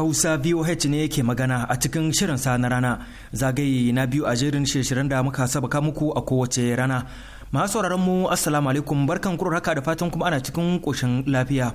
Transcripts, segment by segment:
Hausa VOH ne yake magana a cikin shirin sa na rana zagaye na biyu a jerin shirin da muka ka muku a kowace rana. Masu sauraron mu Assalamu alaikum barkan kuro haka da fatan kuma ana cikin koshin lafiya.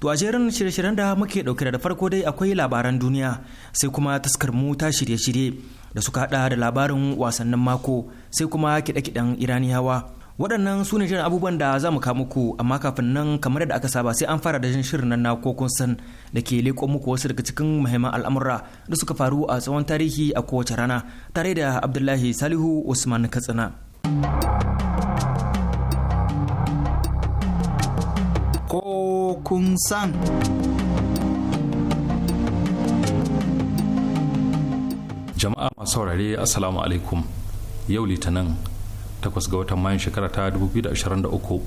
To a jerin shirin da muke dauke da farko dai akwai labaran duniya sai kuma taskar mu ta shirye-shirye da suka hada da labarin wasannin mako sai kuma kiɗe-kiɗen Iraniyawa. waɗannan su ne shirin abubuwan da za mu kawo muku amma kafin nan kamar yadda aka saba sai an fara da jin shirin nan na kokon san da ke leƙo muku wasu daga cikin muhimman al'amura da suka faru a tsawon tarihi a kowace rana tare da abdullahi salihu usman katsina kokun san jama'a masu saurare assalamu alaikum yau litinin takwas ga watan mayun shekara ta 2023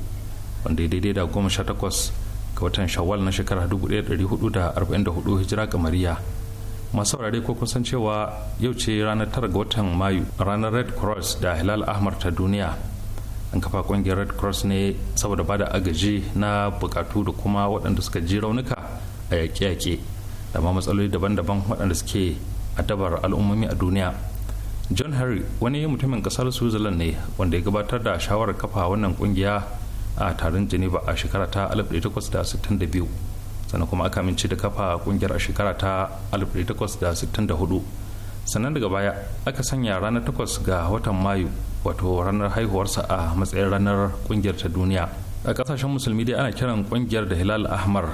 wanda ya daidai da goma sha takwas ga watan shawwal na shekara 1444 hijira kamariya masu saurare ko kusan cewa yau ce ranar tara ga watan mayu ranar red cross da hilal ahmar ta duniya an kafa kungiyar red cross ne saboda bada agaji na bukatu da kuma waɗanda suka ji raunuka a yaƙe-yaƙe da ma matsaloli daban-daban waɗanda suke adabar al'ummomi a duniya john harry wani mutumin kasar switzerland ne wanda ya gabatar da shawarar kafa wannan kungiya a tarin geneva a shekara ta 1862 sannan kuma aka minci da kafa kungiyar a shekara ta 1864 sannan daga baya aka sanya ranar 8 ga watan mayu wato ranar haihuwarsa a matsayin ranar kungiyar ta duniya a kasashen musulmi dai ana kiran kungiyar da hilal ahmar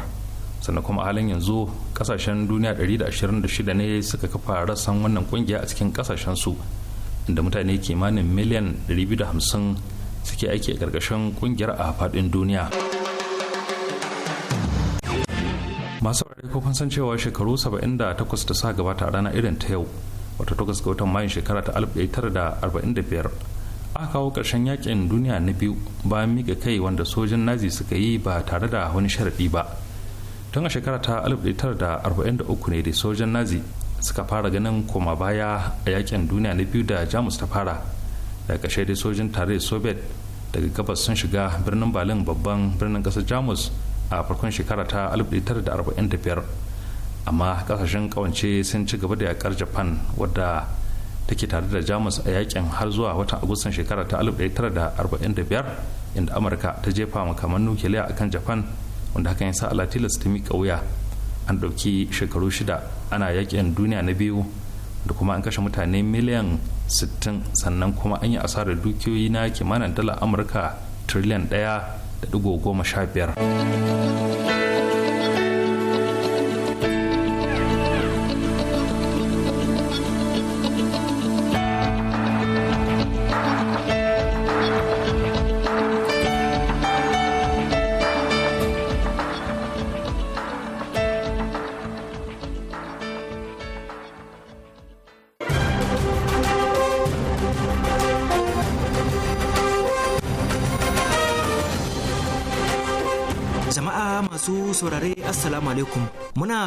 sannan kuma a halin yanzu kasashen duniya 126 ne suka kafa rassan wannan kungiya a cikin kasashen su inda mutane kimanin miliyan 250 suke aiki a ƙarƙashin kungiyar a faɗin duniya masu saurari ko san cewa shekaru 78 da sa gabata a rana irin ta yau wata takwas ga watan mayun shekara ta 1945 aka kawo ƙarshen yakin duniya na biyu bayan mika kai wanda sojin nazi suka yi ba tare da wani sharaɗi ba tun a shekara ta 1943 ne da sojan nazi suka fara ganin koma baya a yakin duniya na biyu da jamus ta fara daga kashe dai sojin tarayyar soviet daga gabas sun shiga birnin balin babban birnin ƙasar jamus a farkon shekara ta 1945 amma kasashen kawance sun ci gaba da yakar japan wadda take tare da jamus a yakin har zuwa watan agustan shekara ta 1945 inda amurka ta jefa makaman nukiliya a kan japan wanda hakan ya sa Allah tilas ta miƙa wuya an ɗauki shekaru shida ana yakin duniya na biyu da kuma an kashe mutane miliyan 60 sannan kuma an yi asarar dukiyoyi na kimanin dala amurka triliyan 1.15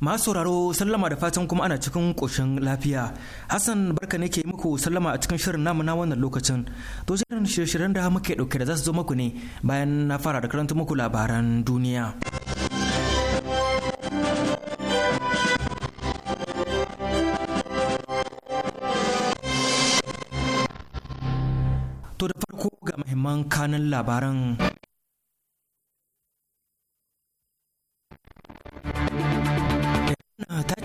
Masu sauraro sallama da fatan kuma ana cikin koshin lafiya. Hassan barka ne ke muku sallama a cikin shirin namu na wannan lokacin. To shirin shirye da muke ɗauke da za su zo muku ne bayan na fara da karanta muku labaran duniya. To da farko ga muhimman kanin labaran.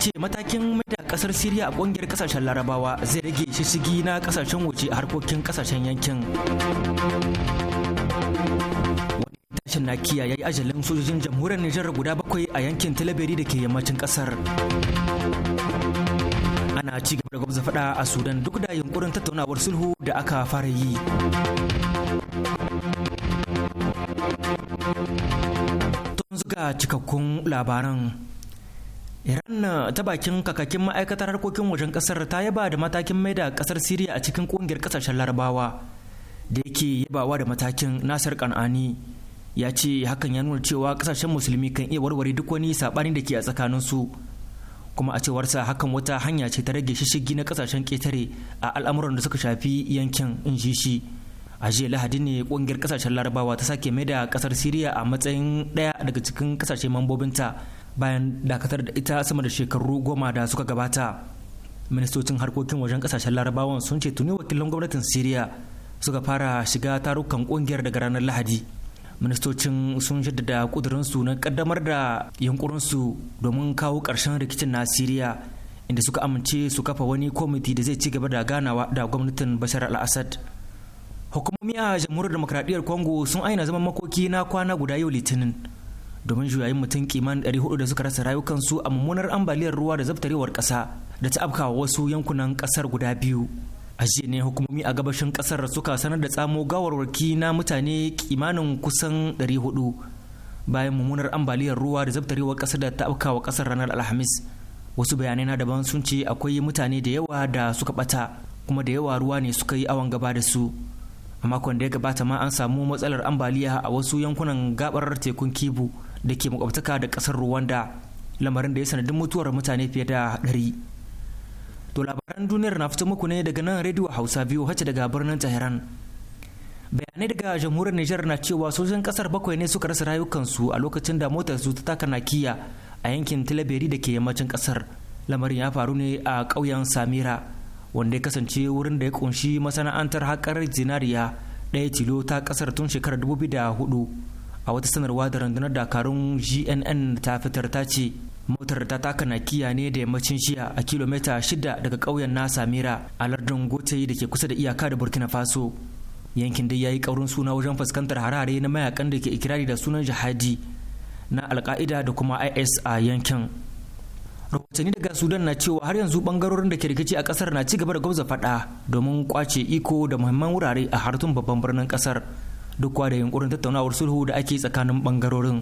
ce matakin maida kasar Siriya a kungiyar kasashen Larabawa zai rage shishigi na kasashen waje a harkokin kasashen yankin. tashin nakiya ya yi ajalin sojojin jamhuriyar Nijar guda bakwai a yankin talabiri da ke yammacin kasar. Ana ci gaba da gwamza faɗa a Sudan duk da yunkurin tattaunawar sulhu da aka fara yi. Tun zuga cikakkun labaran Iran ta bakin kakakin ma'aikatar harkokin wajen kasar ta yaba da matakin mai da kasar Siriya a cikin kungiyar kasashen Larabawa da yake yabawa da matakin Nasir Kan'ani ya ce hakan ya nuna cewa kasashen musulmi kan iya warware duk wani sabani da ke a tsakanin su kuma a cewarsa hakan wata hanya ce ta rage shishigi na kasashen ketare a al'amuran da suka shafi yankin in shi a jiya lahadi ne kungiyar kasashen larabawa ta sake mai da kasar siriya a matsayin daya daga cikin kasashe mambobinta bayan dakatar da ita sama da shekaru goma da suka gabata ministocin harkokin wajen kasashen larabawan sun ce tuni wakilan gwamnatin siriya suka fara shiga tarukan kungiyar daga ranar lahadi ministocin sun jaddada kudurinsu na kaddamar da yunkurinsu domin kawo karshen rikicin na siriya inda suka amince su kafa wani kwamiti da zai ci gaba da ganawa da gwamnatin bashar al-assad hukumomi a jamhuriyar demokradiyyar congo sun aina zaman makoki na kwana guda yau litinin domin juyayin mutum kimanin 400 da suka rasa rayukansu a mummunar ambaliyar ruwa da zabtarewar kasa da ta afkawa wasu yankunan kasar guda biyu a jiya ne hukumomi a gabashin kasar da suka sanar da tsamo gawarwarki na mutane kimanin kusan 400 bayan mummunar ambaliyar ruwa da zabtarewar kasa da ta afkawa kasar ranar alhamis wasu bayanai na daban sun ce akwai mutane da yawa da suka bata kuma da yawa ruwa ne suka yi awon gaba da su a makon da ya gabata ma an samu matsalar ambaliya a wasu yankunan gabar tekun kibu da ke makwabtaka da kasar rwanda lamarin da ya sanadin mutuwar mutane fiye da ɗari to labaran duniyar na fito muku ne daga nan rediyo hausa biyu hace daga birnin tehran bayanai daga jamhuriyar nijar na cewa sojojin kasar bakwai ne suka rasa rayukansu a lokacin da motar su ta taka nakiya a yankin tilaberi da ke yammacin kasar lamarin ya faru ne a ƙauyen samira wanda ya kasance wurin da ya kunshi masana'antar haƙar zinariya ɗaya tilo ta ƙasar tun shekarar 2004 a wata sanarwa da rundunar dakarun gnn ta fitar ta ce motar ta taka nakiya ne da yammacin shiya a kilomita shida daga ƙauyen na samira a lardin gote da ke kusa da iyaka da burkina faso yankin dai ya yi ƙaurin suna wajen fuskantar harare na mayakan da ke ikirari da sunan jihadi na alka'ida da kuma is a yankin rahotanni daga sudan na cewa har yanzu bangarorin da ke rikici a kasar na ci gaba da gwamza fada domin kwace iko da muhimman wurare a hartun babban birnin kasar duk da yunkurin tattaunawar sulhu da ake tsakanin bangarorin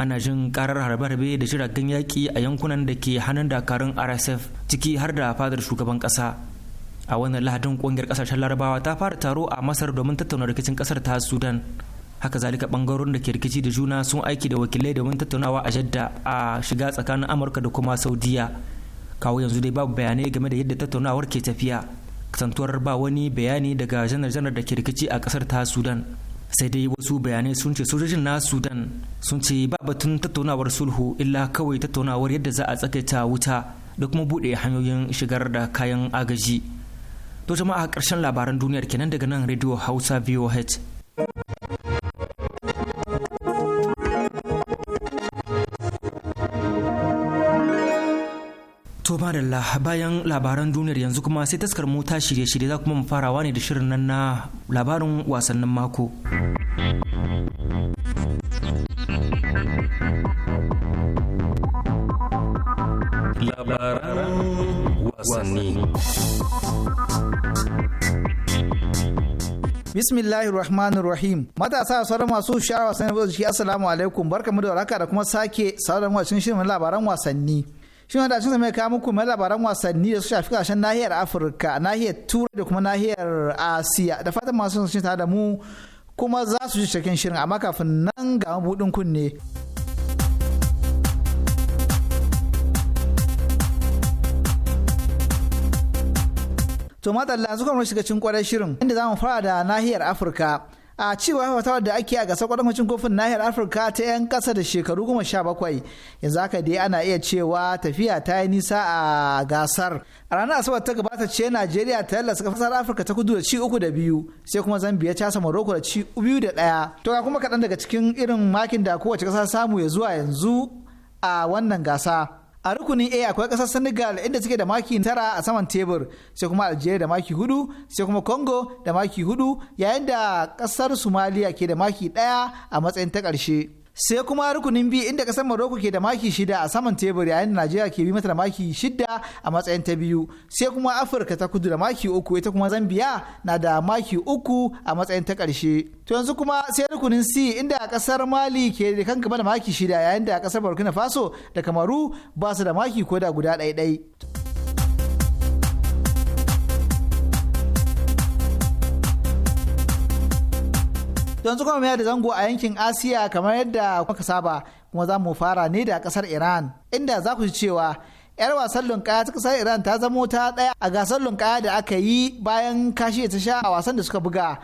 ana jin karar harbe-harbe da jiragen yaƙi a yankunan da ke hannun dakarun rsf ciki har da fadar shugaban ƙasa a wannan lahadin ƙungiyar ƙasashen larabawa ta fara taro a masar domin tattauna rikicin ƙasar ta sudan haka zalika bangarorin da ke rikici da juna sun aiki da wakilai domin tattaunawa a jadda a shiga tsakanin amurka da kuma saudiya kawo yanzu dai babu bayanai game da yadda tattaunawar ke tafiya kasantuwar ba wani bayani daga janar-janar da ke rikici a kasar ta sudan sai dai wasu bayanai sun ce sojojin na sudan sun ce ba batun tattaunawar sulhu illa kawai tattaunawar yadda za a tsakaita wuta da kuma buɗe hanyoyin shigar da kayan agaji to jama'a karshen labaran duniyar kenan daga nan radio hausa voh To madalla bayan labaran duniyar yanzu kuma sai taskar mota shirye-shirye za kuma mu farawa ne da shirin nan na labarin wasannin mako. Labaran wasanni. Bismillahir Rahmanir Rahim. Matasa sauran masu sha'awa sanar da shi Assalamu alaikum. Barkamu da warhaka da kuma sake sauran wasan shirin labaran wasanni. shi da cin mai kawo muku mai labaran wasanni da su shafi kasashen nahiyar afirka nahiyar turai da kuma nahiyar asiya da fatan masu sun tare da mu kuma za su ji cikin shirin amma kafin nan ga mabuɗin kunne. To su zukan shiga cikin kwarar shirin inda za mu fara da nahiyar Afirka. a cewa haifatawar da ake a gasar kwadancin kofin nahiyar afirka ta 'yan kasa da shekaru goma sha bakwai yanzu haka dai ana iya cewa tafiya ta yi nisa a gasar a ranar asabar ta gabata ce najeriya ta yalla suka fasar afirka ta kudu da ci uku da biyu sai kuma zambia ta samu morocco da ci biyu da ɗaya to kuma kaɗan daga cikin irin makin da kowace ƙasa samu ya zuwa yanzu a wannan gasa a rukunin a akwai kasar senegal inda suke da maki tara a saman tebur sai kuma algeria da maki hudu sai kuma congo da maki hudu yayin da kasar somalia ke da maki ɗaya a matsayin ta ƙarshe. sai kuma rukunin biyu inda kasar Morocco ke da maki shida a saman tebur yayin da Najeriya ke bi mata da maki shida a matsayin ta biyu sai kuma Afirka ta kudu da maki uku ita kuma Zambia na da maki uku a matsayin ta karshe to yanzu kuma sai rukunin C inda kasar Mali ke da kan gaba da maki shida yayin da kasar Burkina Faso da Kamaru ba su da maki ko da guda ɗaya ɗaya don su kuma da zango a yankin asiya kamar yadda kuka saba kuma za mu fara ne da kasar iran inda za ku ji cewa yar wasan lunkaya ta kasar iran ta zamo ta daya a gasar lunkaya da aka yi bayan kashi ta sha a wasan da suka buga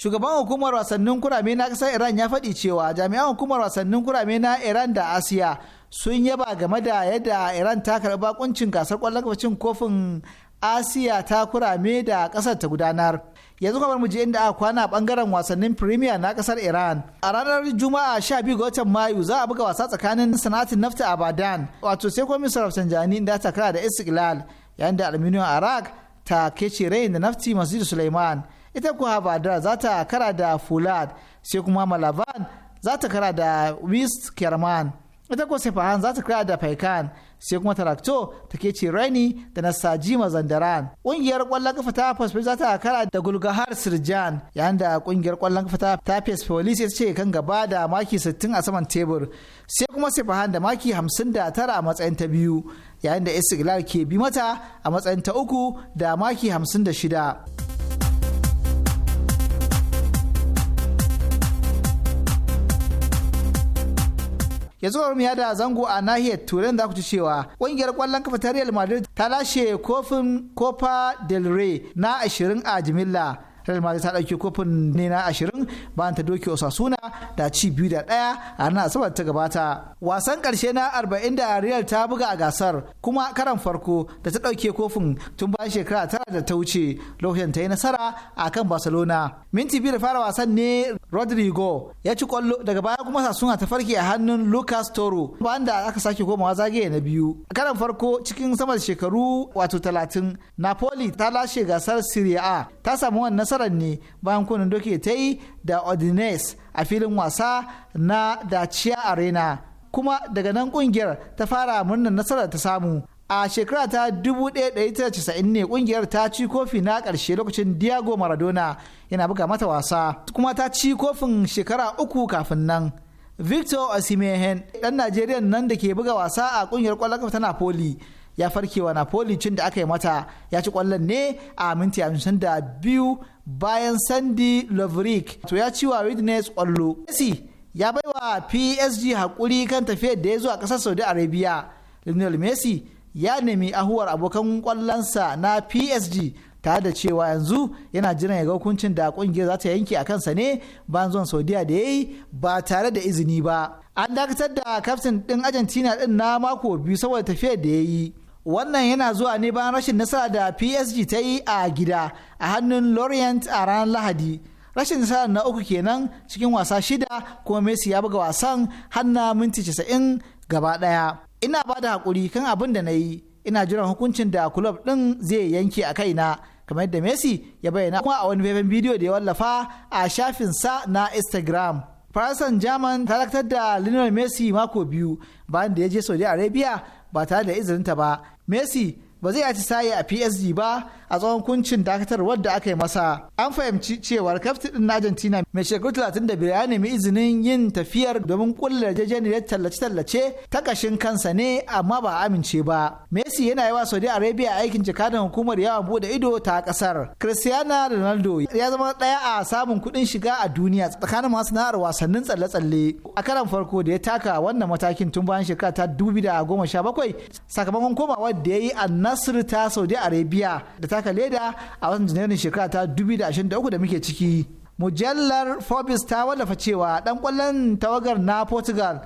shugaban hukumar wasannin kurame na kasar iran ya faɗi cewa jami'an hukumar wasannin kurame na iran da asiya sun yaba game da yadda iran ta karɓi bakuncin gasar kwallon kofin asiya ta kurame da kasar ta gudanar yanzu kuma mu je inda aka kwana bangaren wasannin premier na kasar iran a ranar juma'a 12 ga watan mayu za a buga wasa tsakanin sanatin nafta abadan wato sai kuma misar rafsanjani da ta kara da istiklal yayin da aluminium iraq ta kece rayin da nafti masjid suleiman ita kuwa abadan za ta kara da fulad sai kuma malaban za ta kara da west kerman ita kuwa sefahan za ta kara da faikan sai kuma tarakto ta ke ce raini da na saji mazandaran. ƙungiyar ƙwallon kafa ta fasfe za ta kara da gulgahar sirjan yayin da ƙungiyar ƙwallon kafa ta ta police ya ce kan gaba da maki sittin a saman tebur sai kuma sifahan da maki 59 a matsayin ta biyu yayin da istiklal ke bi mata a matsayin ta uku da maki hamsin da shida. yanzu zuwa ya da zango a nahiyar turai da ku ci cewa ƙungiyar ƙwallon kafa ta real madrid ta lashe kofin copa del rey na 20 a jimilla Real ta ɗauki kofin ne na ashirin bayan ta doke Osasuna da ci biyu da ɗaya a ranar Asabar ta gabata. Wasan ƙarshe na arba'in da Real ta buga a gasar kuma karan farko da ta ɗauke kofin tun bayan shekara tara da ta wuce lokacin ta yi nasara a kan Barcelona. Minti biyu da fara wasan ne Rodrigo ya ci kwallo daga baya kuma Sasuna ta farke a hannun Lucas Toro bayan da aka sake komawa zagaye na biyu. a Karan farko cikin sama shekaru wato talatin Napoli ta lashe gasar Serie A ta samu wannan nasarar ne bayan kunan doke ta yi da ordinance a filin wasa na dacia arena kuma daga nan kungiyar ta fara murnar nasarar ta samu a shekara ta 1990 ne kungiyar ta ci kofi na ƙarshe lokacin diego maradona yana buga mata wasa kuma ta ci kofin shekara uku kafin nan victor osimhen dan najeriya nan da ke buga wasa a kungiyar kwallon kafa ta napoli ya farkewa napoli cin da aka yi mata ya ci kwallon ne a minti 52 bayan sandy Lovrick to ya ci wa witness kwallo messi ya baiwa psg haƙuri kan tafiyar da ya zo a ƙasar saudi arabia lionel messi ya nemi ahuwar abokan kwallonsa na psg tare da cewa yanzu yana jiran ya ga hukuncin da kungiyar za ta yanke a kansa ne bayan zuwan saudiya da ya yi ba tare da izini ba an dakatar da kaftin ɗin argentina ɗin na mako biyu saboda tafiyar da ya yi wannan yana zuwa ne bayan rashin nasara da psg ta yi a gida a hannun lorient a ranar lahadi rashin nasara na uku kenan cikin wasa shida kuma messi ya buga wasan hanna minti 90 gaba daya ina ba da haƙuri kan abin da na yi ina jiran hukuncin da kulob ɗin zai yanke a kai na kamar yadda messi ya bayyana kuma a wani faifan bidiyo da ya wallafa a shafin sa na instagram faransan jaman talaktar da lionel messi mako biyu bayan da ya je saudi arabia ba tare da izininta ba messi ba zai ci atisaye a psg ba a tsawon kuncin dakatar wadda aka yi masa an fahimci cewar kaftin din argentina mai shekaru 35 ya nemi izinin yin tafiyar domin kulla yarjejeniyar tallace-tallace ta kashin kansa ne amma ba amince ba messi yana yawa saudi arabia aikin jakadan hukumar yawa bude ido ta kasar cristiano ronaldo ya zama daya a samun kuɗin shiga a duniya tsakanin masana'ar wasannin tsalle-tsalle a karan farko da ya taka wannan matakin tun bayan shekara ta 2017 sakamakon komawa da ya yi a nasir ta saudi arabia da ta saka leda a watan janairun shekara ta 2023 da muke ciki mujallar forbes ta wallafa cewa dan kwallon tawagar na portugal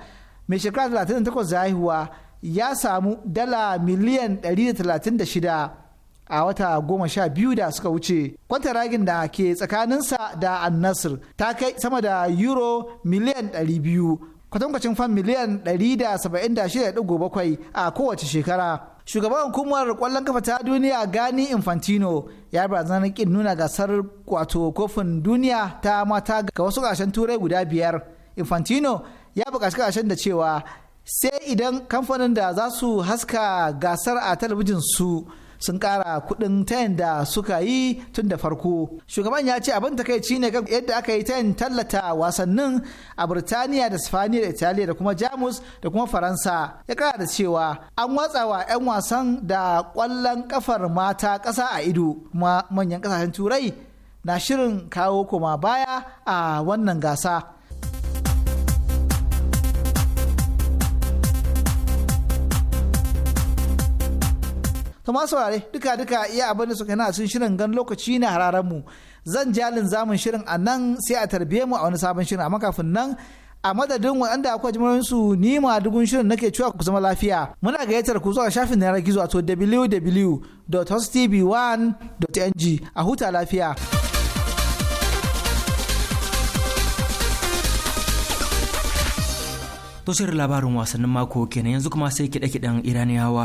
mai shekara 38 zahiwa ya samu dala miliyan 136 a wata goma sha biyu da suka wuce ragin da ke tsakaninsa da annasir ta kai sama da euro miliyan 200 kwatankwacin fan miliyan 176.7 a kowace shekara shugaban hukumar kwallon kafa ta duniya gani infantino ya barazanar kin nuna gasar wato kofin duniya ta mata ga wasu kashen turai guda biyar infantino ya buƙaci kashen da cewa sai idan kamfanin da za su haska gasar a talabijin su sun kara kuɗin tayan da suka yi tun da farko shugaban ya ce abin takaici ne kan yadda aka yi yin tallata wasannin a birtaniya da sifaniya da italiya da kuma jamus da kuma faransa ya kara da cewa an watsa wa 'yan wasan da kwallon kafar mata kasa a ido kuma manyan kasashen turai na shirin kawo koma baya a wannan gasa to ma saurare duka duka iya abin da suka na sun shirin gan lokaci na hararen mu zan jalin zamun shirin a nan sai a tarbiye mu a wani sabon shirin amma kafin nan a madadin waɗanda akwai jimarin su ni ma dugun shirin nake cewa ku zama lafiya muna gayyatar ku zuwa shafin yanar gizo to www.hostv1.ng a huta lafiya. to shirin labarin wasannin mako kenan yanzu kuma sai kiɗe-kiɗen iraniyawa.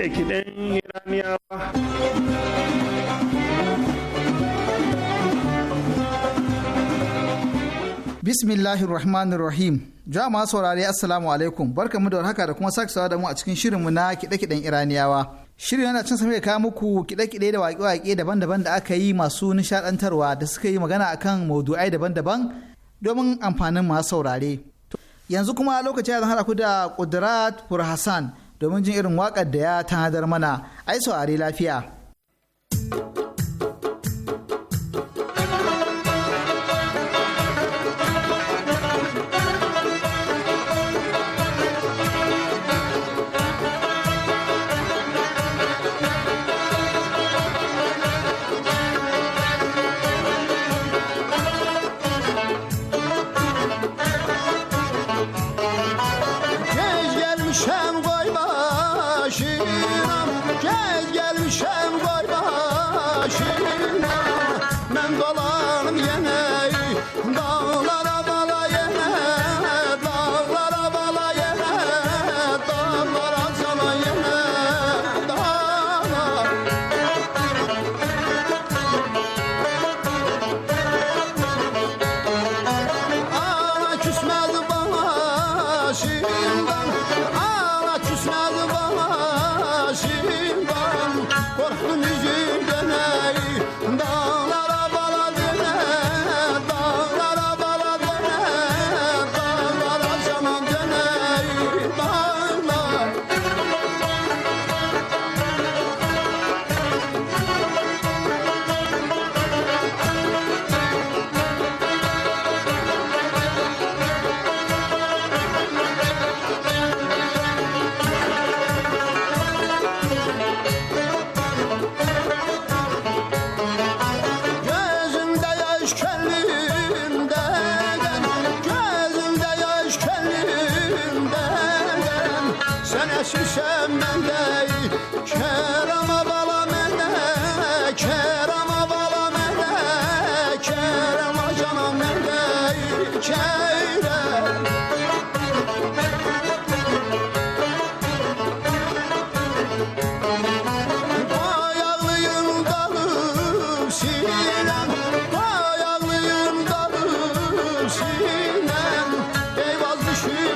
kiɗe-kiɗen iraniyawa bismillahir rahmanir rahim jama'a saurare assalamu alaikum barkamu da warhaka da kuma sake da mu a cikin shirinmu na kiɗe-kiɗen iraniyawa shirin yana cin sami kawo muku kiɗe-kiɗe da waƙe-waƙe daban-daban da aka yi masu nishaɗantarwa da suka yi magana akan maudu'ai daban-daban domin amfanin masu saurare yanzu kuma lokaci ya zan haɗa ku da kudrat furhasan domin jin irin waƙar da ya tanadar mana ai saurari lafiya.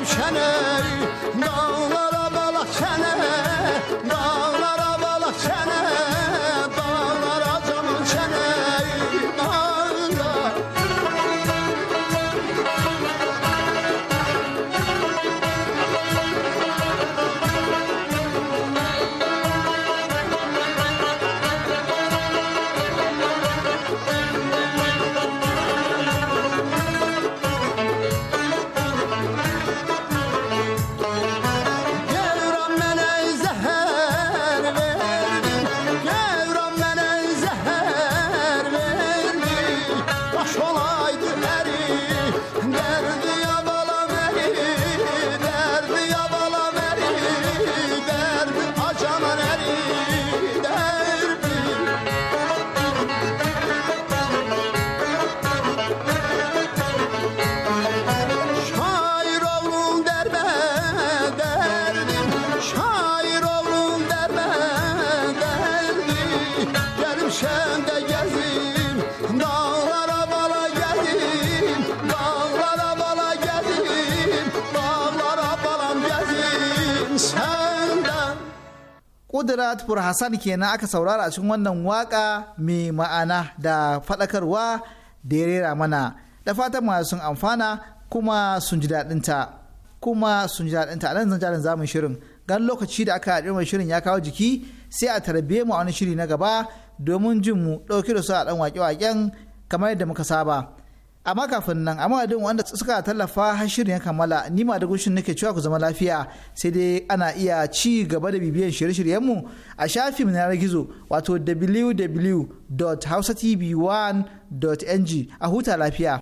شنه Kudirat Burhassan kenan aka saurara a cikin wannan waka mai ma'ana da faɗakarwa da ya rera mana da fatan ma sun amfana kuma sun ji daɗinta kuma sun ji daɗinta a nan zan zamun shirin gan lokaci da aka haɗe mai shirin ya kawo jiki sai a tarbe mu a wani shiri na gaba domin jin mu ɗauki da su a ɗan waƙe waken kamar yadda muka saba. amma kafin nan amma madadin wanda suka tallafa har shirin ya kammala ni ma da gushin nake cewa ku zama lafiya sai dai ana iya ci gaba da bibiyan shirye-shiryenmu a shafin na gizo wato www.hausatv1.ng a huta lafiya.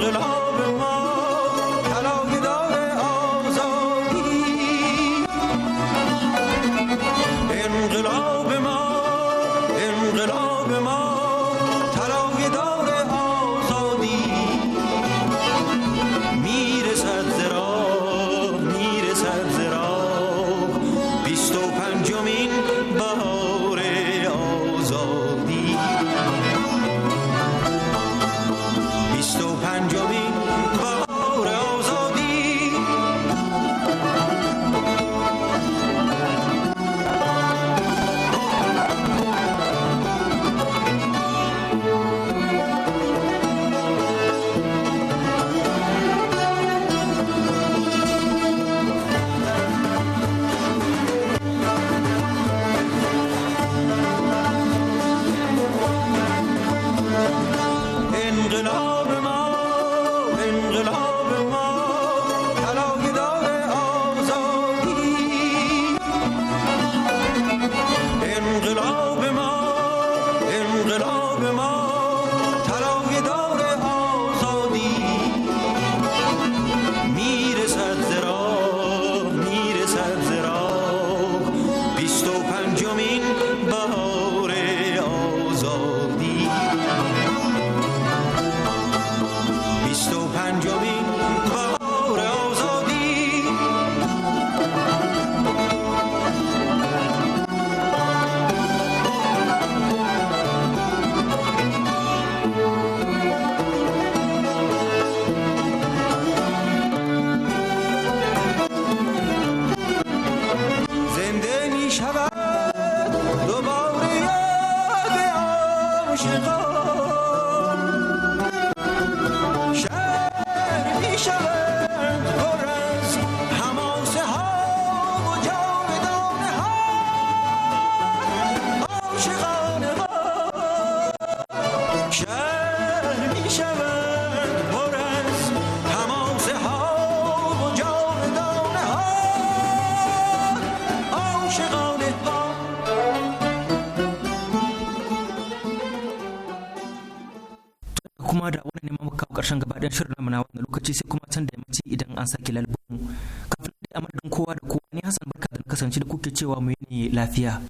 de la and all. عاشقان an sake lalbun kafin da amadin kowa da kowa ne hassan barka da kasance da kuke cewa mu ne lafiya